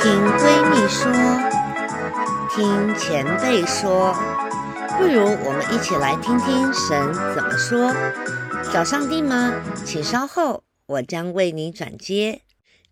聽閨蜜說，聽前輩說，不如我們一起來聽聽神怎麼說。找上帝嗎？請稍後，我將為你轉接。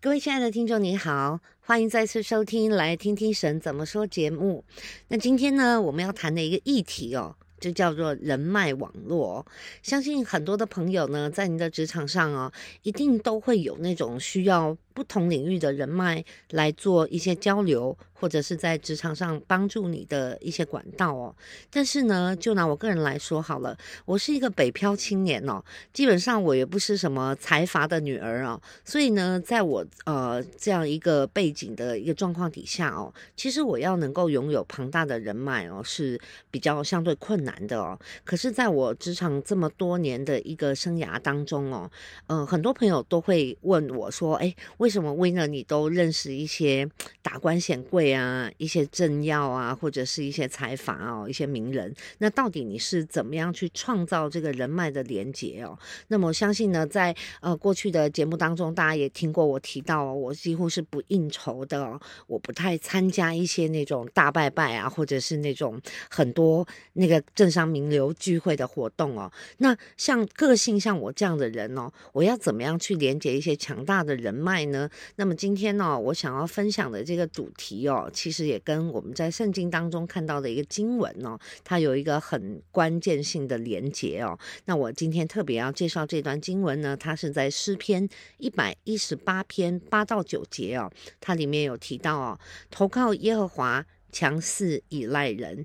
各位親愛的聽眾，你好，歡迎再次收聽《來聽聽神怎麼說》節目。那今天呢，我們要談的一個議題哦。就叫做人脈網絡，相信很多的朋友呢，在你的職場上哦，一定都會有那種需要不同領域的人脈來做一些交流。或者是在職場上幫助你的一些管道哦，但是呢，就拿我個人來說好了，我是一個北漂青年哦，基本上我也不是什麼財閥的女兒哦，所以呢，在我呃這樣一個背景的一個狀況底下哦，其實我要能夠擁有龐大的人脈哦，是比較相對困難的哦。可是，在我職場這麼多年的一個生涯當中哦，嗯、呃，很多朋友都會問我說，哎，為什麼薇妮你都認識一些達官顯貴？對啊，一些政要啊，或者是一些財閥哦，一些名人，那到底你是怎麼樣去創造這個人脈的連接哦？那麼我相信呢，在呃過去的節目當中，大家也聽過我提到哦，我幾乎是不應酬的哦，我不太參加一些那種大拜拜啊，或者是那種很多那個政商名流聚會的活動哦。那像個性像我這樣的人哦，我要怎麼樣去連接一些強大的人脈呢？那麼今天呢，我想要分享的這個主題哦。哦，其實也跟我們在聖經當中看到的一個經文哦，它有一個很關鍵性的連結哦。那我今天特別要介紹這段經文呢，它是在詩篇一百一十八篇八到九節哦，它裡面有提到哦，投靠耶和華，強似倚賴人；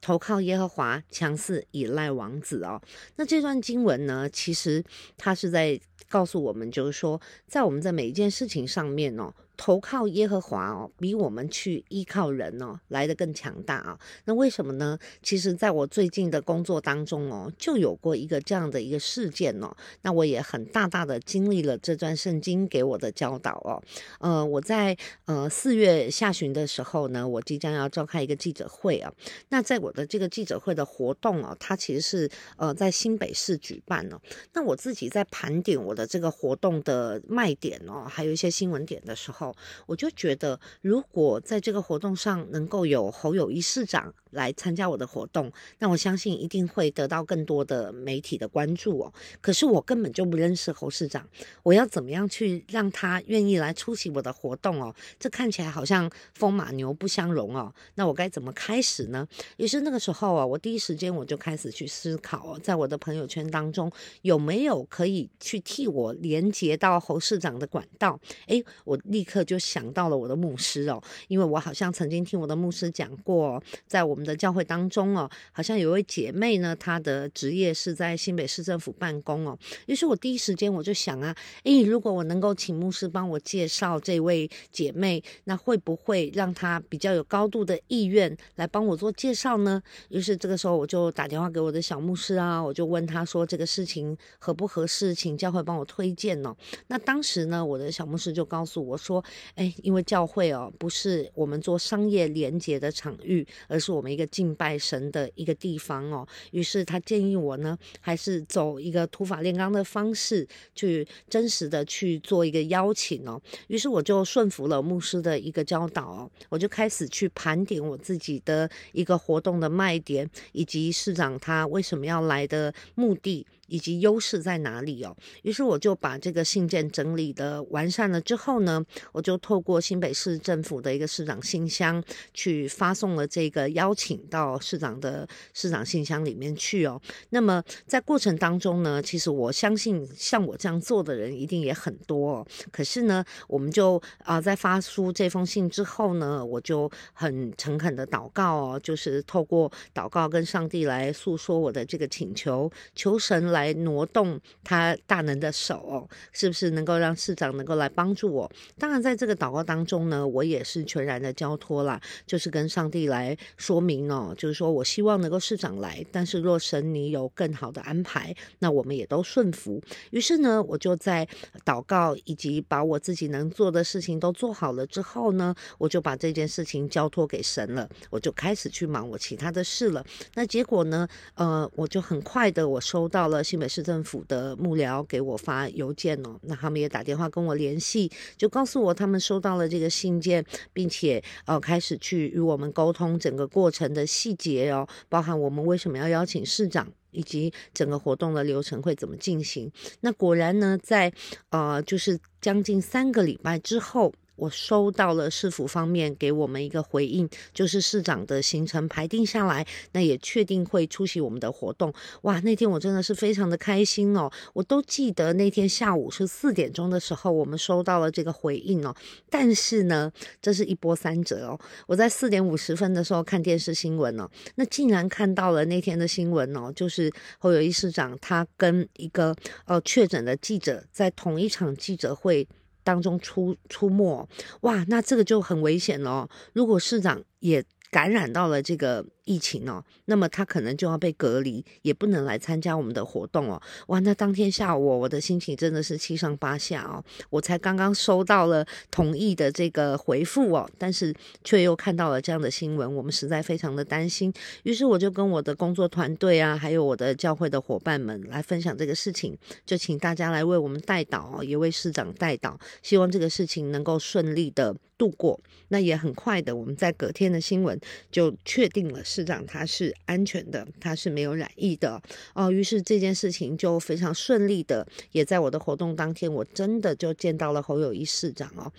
投靠耶和華，強似倚賴王子哦。那這段經文呢，其實它是在告訴我們，就是說，在我們的每一件事情上面哦。投靠耶和華哦，比我們去依靠人哦來得更強大啊哦！那為什麼呢？其實，在我最近的工作當中哦，就有過一個這樣的一個事件哦。那我也很大大的經歷了這段聖經給我的教導哦。呃，我在呃四月下旬的時候呢，我即將要召開一個記者會啊。那在我的這個記者會的活動哦，它其實是呃在新北市舉辦哦。那我自己在盤點我的這個活動的賣點哦，還有一些新聞點的時候，我就覺得，如果在這個活動上能夠有侯友宜市長來參加我的活動，那我相信一定會得到更多的媒體的關注哦。可是我根本就不認識侯市長，我要怎麼樣去讓他願意來出席我的活動哦？這看起來好像風馬牛不相容哦。那我該怎麼開始呢？於是那個時候啊，我第一時間我就開始去思考，在我的朋友圈當中有沒有可以去替我連接到侯市長的管道？誒、哎，我立刻。就想到了我的牧師哦，因為我好像曾經聽我的牧師講過、哦，在我們的教會當中哦，好像有位姐妹呢，她的職業是在新北市政府辦公哦。於是我第一時間我就想啊，誒、欸，如果我能夠請牧師幫我介紹這位姐妹，那會不會讓她比較有高度的意願來幫我做介紹呢？於是這個時候我就打電話給我的小牧師啊，我就問他說，這個事情合不合適，請教會幫我推薦呢、哦？那當時呢，我的小牧師就告訴我說。哎，因為教會哦，不是我們做商業連結的場域，而是我們一個敬拜神的一個地方哦。於是他建議我呢，還是走一個土法煉鋼的方式，去真實的去做一個邀請哦。於是我就順服了牧師的一個教導，哦，我就開始去盤點我自己的一個活動的賣點，以及市長他為什麼要來的目的。以及優勢在哪裡哦？於是我就把這個信件整理的完善了之後呢，我就透過新北市政府的一個市長信箱去發送了這個邀請到市長的市長信箱裡面去哦。那麼在過程當中呢，其實我相信像我這樣做的人一定也很多哦，可是呢，我們就啊、呃、在發出這封信之後呢，我就很誠懇的禱告哦，就是透過禱告跟上帝來訴說我的這個請求，求神來。來挪動他大能的手哦，是不是能夠讓市長能夠來幫助我？當然，在這個禱告當中呢，我也是全然的交託了，就是跟上帝來說明哦，就是說，我希望能夠市長來，但是若神你有更好的安排，那我們也都順服。於是呢，我就在禱告以及把我自己能做的事情都做好了之後呢，我就把這件事情交託給神了，我就開始去忙我其他的事了。那結果呢？呃，我就很快的，我收到了。新北市政府的幕僚給我發郵件哦，那他們也打電話跟我聯繫，就告訴我他們收到了這個信件，並且呃開始去與我們溝通整個過程的細節哦，包含我們為什麼要邀請市長，以及整個活動的流程會怎麼進行。那果然呢，在呃就是將近三個禮拜之後，我收到了市府方面給我們一個回應，就是市長的行程排定下來，那也確定會出席我們的活動。哇，那天我真的是非常的開心哦，我都記得那天下午是四點鐘的時候，我們收到了這個回應哦。但是呢，這是一波三折哦。我在四點五十分的時候看電視新聞哦，那竟然看到了那天的新聞哦，就是侯友宜市長他跟一個呃確診的記者在同一場記者會。當中出出沒，哇，那這個就很危險嘍。如果市長也感染到了這個疫情哦，那麼他可能就要被隔離，也不能來參加我們的活動哦。哇，那當天下午我的心情真的是七上八下哦。我才剛剛收到了同意的這個回復哦，但是卻又看到了這樣的新聞，我們實在非常的擔心。於是我就跟我的工作團隊啊，還有我的教會的夥伴們來分享這個事情，就請大家來為我們代禱哦，也為市長代禱，希望這個事情能夠順利的度過。那也很快的，我們在隔天的新聞就確定了。市長他是安全的，他是沒有染疫的哦。於是這件事情就非常順利的，也在我的活動當天，我真的就見到了侯友宜市長哦。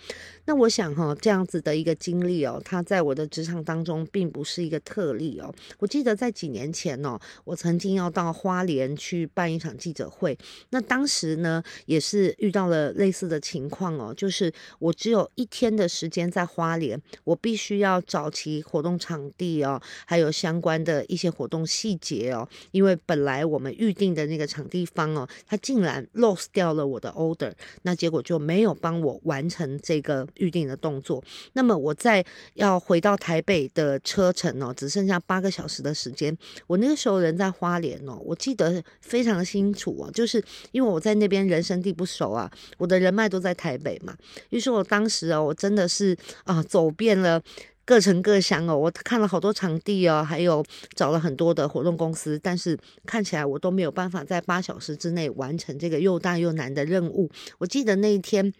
那我想哈、哦，這樣子的一個經歷哦，他在我的職場當中並不是一個特例哦。我記得在幾年前哦，我曾經要到花蓮去辦一場記者會，那當時呢也是遇到了類似的情況哦，就是我只有一天的時間在花蓮，我必須要找齊活動場地哦，還。有相關的一些活動細節哦，因為本來我們預定的那個場地方哦，他竟然 lost 掉了我的 order，那結果就沒有幫我完成這個預定的動作。那麼我在要回到台北的車程哦，只剩下八個小時的時間。我那個時候人在花蓮哦，我記得非常的清楚哦，就是因為我在那邊人生地不熟啊，我的人脈都在台北嘛，於是我當時哦，我真的是啊、呃，走遍了。各城各鄉哦，我看了好多場地哦，還有找了很多的活動公司，但是看起來我都沒有辦法在八小時之內完成這個又大又難的任務。我記得那一天。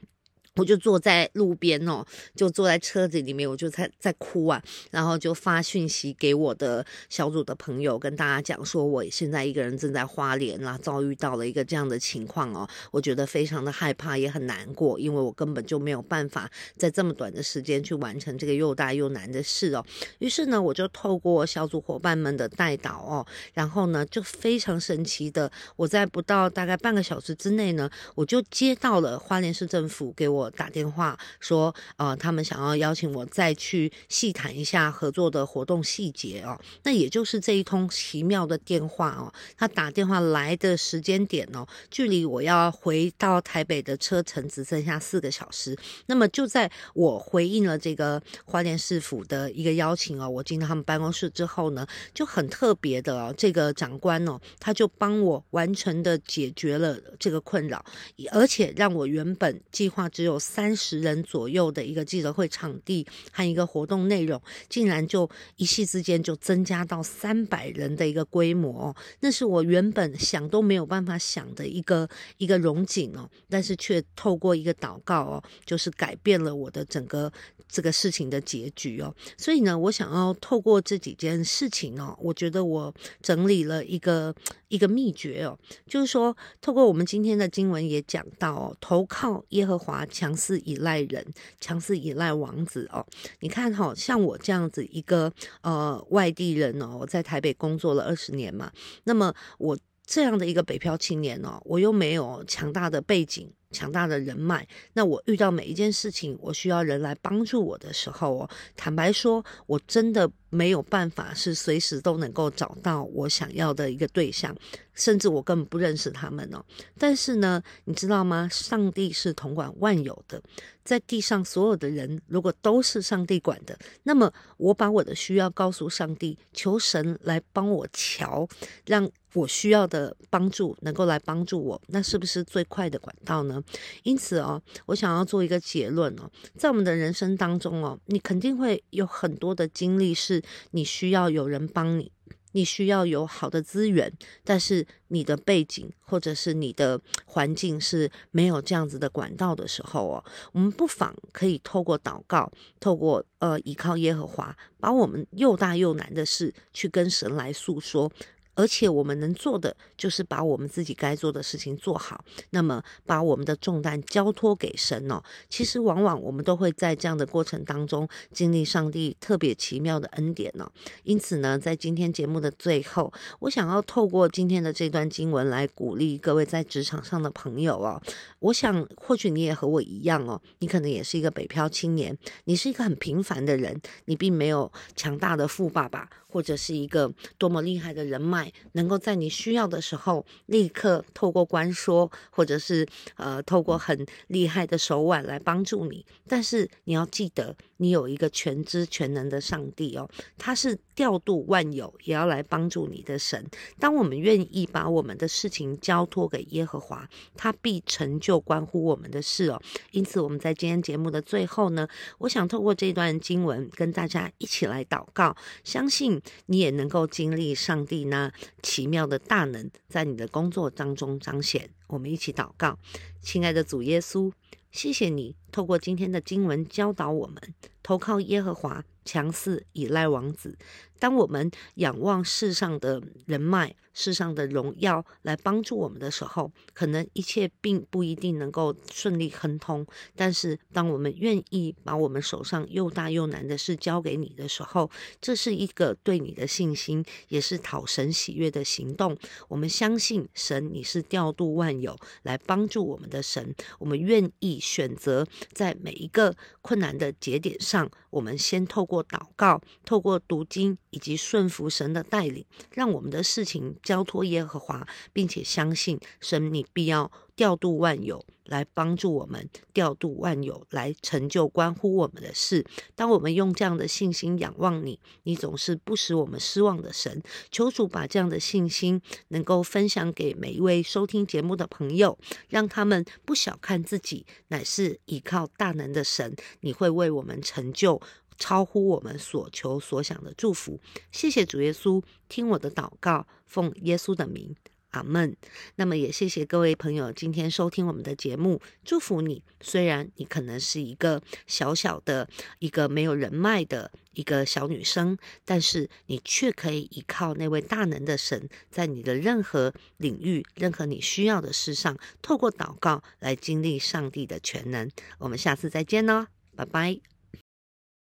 我就坐在路邊哦，就坐在車子裡面，我就在在哭啊，然後就發訊息給我的小組的朋友，跟大家講說，我現在一個人正在花蓮啦、啊，遭遇到了一個這樣的情況哦，我覺得非常的害怕，也很難過，因為我根本就沒有辦法在這麼短的時間去完成這個又大又難的事哦。於是呢，我就透過小組伙伴們的代禱哦，然後呢，就非常神奇的，我在不到大概半個小時之內呢，我就接到了花蓮市政府給我。我打電話說，呃，他們想要邀請我再去細談一下合作的活動細節哦。那也就是這一通奇妙的電話哦。他打電話來的時間點哦，距離我要回到台北的車程只剩下四個小時。那麼就在我回應了這個花蓮市府的一個邀請哦，我進到他們辦公室之後呢，就很特別的哦，這個長官哦，他就幫我完成的解決了這個困擾，而且讓我原本計劃之。有三十人左右的一個記者會場地和一個活動內容，竟然就一夕之間就增加到三百人的一個規模哦，那是我原本想都沒有辦法想的一個一個榮景哦。但是卻透過一個禱告哦，就是改變了我的整個這個事情的結局哦。所以呢，我想要透過這幾件事情哦，我覺得我整理了一個。一個秘訣哦，就是說，透過我們今天的經文也講到哦，投靠耶和華，強似倚賴人，強似倚賴王子哦。你看哈、哦，像我這樣子一個呃外地人哦，在台北工作了二十年嘛，那麼我這樣的一個北漂青年哦，我又沒有強大的背景，強大的人脈，那我遇到每一件事情，我需要人來幫助我的時候哦，坦白說，我真的。沒有辦法是隨時都能夠找到我想要的一個對象，甚至我根本不認識他們哦。但是呢，你知道嗎？上帝是統管萬有的，在地上所有的人如果都是上帝管的，那麼我把我的需要告訴上帝，求神來幫我喬，讓我需要的幫助能夠來幫助我，那是不是最快的管道呢？因此哦，我想要做一個結論哦，在我們的人生當中哦，你肯定會有很多的經歷是，你需要有人幫你，你需要有好的資源，但是你的背景或者是你的環境是沒有這樣子的管道的時候哦，我們不妨可以透過禱告，透過呃依靠耶和華，把我們又大又難的事去跟神來訴說。而且我們能做的就是把我們自己該做的事情做好，那麼把我們的重擔交托給神哦。其實往往我們都會在這樣的過程當中經歷上帝特別奇妙的恩典哦。因此呢，在今天節目的最後，我想要透過今天的這段經文來鼓勵各位在職場上的朋友哦。我想或許你也和我一樣哦，你可能也是一個北漂青年，你是一個很平凡的人，你並沒有強大的富爸爸或者是一個多麼厲害的人脈。能夠在你需要的時候，立刻透過關說，或者是呃透過很厲害的手腕來幫助你，但是你要記得。你有一個全知全能的上帝哦，他是調度萬有，也要來幫助你的神。當我們願意把我們的事情交托給耶和華，他必成就關乎我們的事哦。因此，我們在今天節目的最後呢，我想透過這段經文跟大家一起來禱告，相信你也能夠經歷上帝那奇妙的大能在你的工作當中彰顯。我們一起禱告，親愛的主耶穌。謝謝你，透過今天的經文教導我們投靠耶和華。強勢依賴王子。當我們仰望世上的人脈、世上的榮耀來幫助我們的時候，可能一切並不一定能夠順利亨通。但是，當我們願意把我們手上又大又難的事交給你的時候，這是一個對你的信心，也是討神喜悅的行動。我們相信神，你是調度萬有來幫助我們的神。我們願意選擇在每一個困難的節點上，我們先透過。禱告，透過讀經以及順服神的帶領，讓我們的事情交托耶和華，並且相信神，你必要調度萬有來幫助我們，調度萬有來成就關乎我們的事。當我們用這樣的信心仰望你，你總是不使我們失望的神。求主把這樣的信心能夠分享給每一位收聽節目的朋友，讓他們不小看自己，乃是依靠大能的神。你會為我們成就超乎我們所求所想的祝福，謝謝主耶穌，聽我的禱告，奉耶穌的名，阿門。那麼也謝謝各位朋友今天收聽我們的節目，祝福你。雖然你可能是一個小小的、一個沒有人脈的一個小女生，但是你卻可以依靠那位大能的神，在你的任何領域、任何你需要的事上，透過禱告來經歷上帝的全能。我們下次再見哦，拜拜。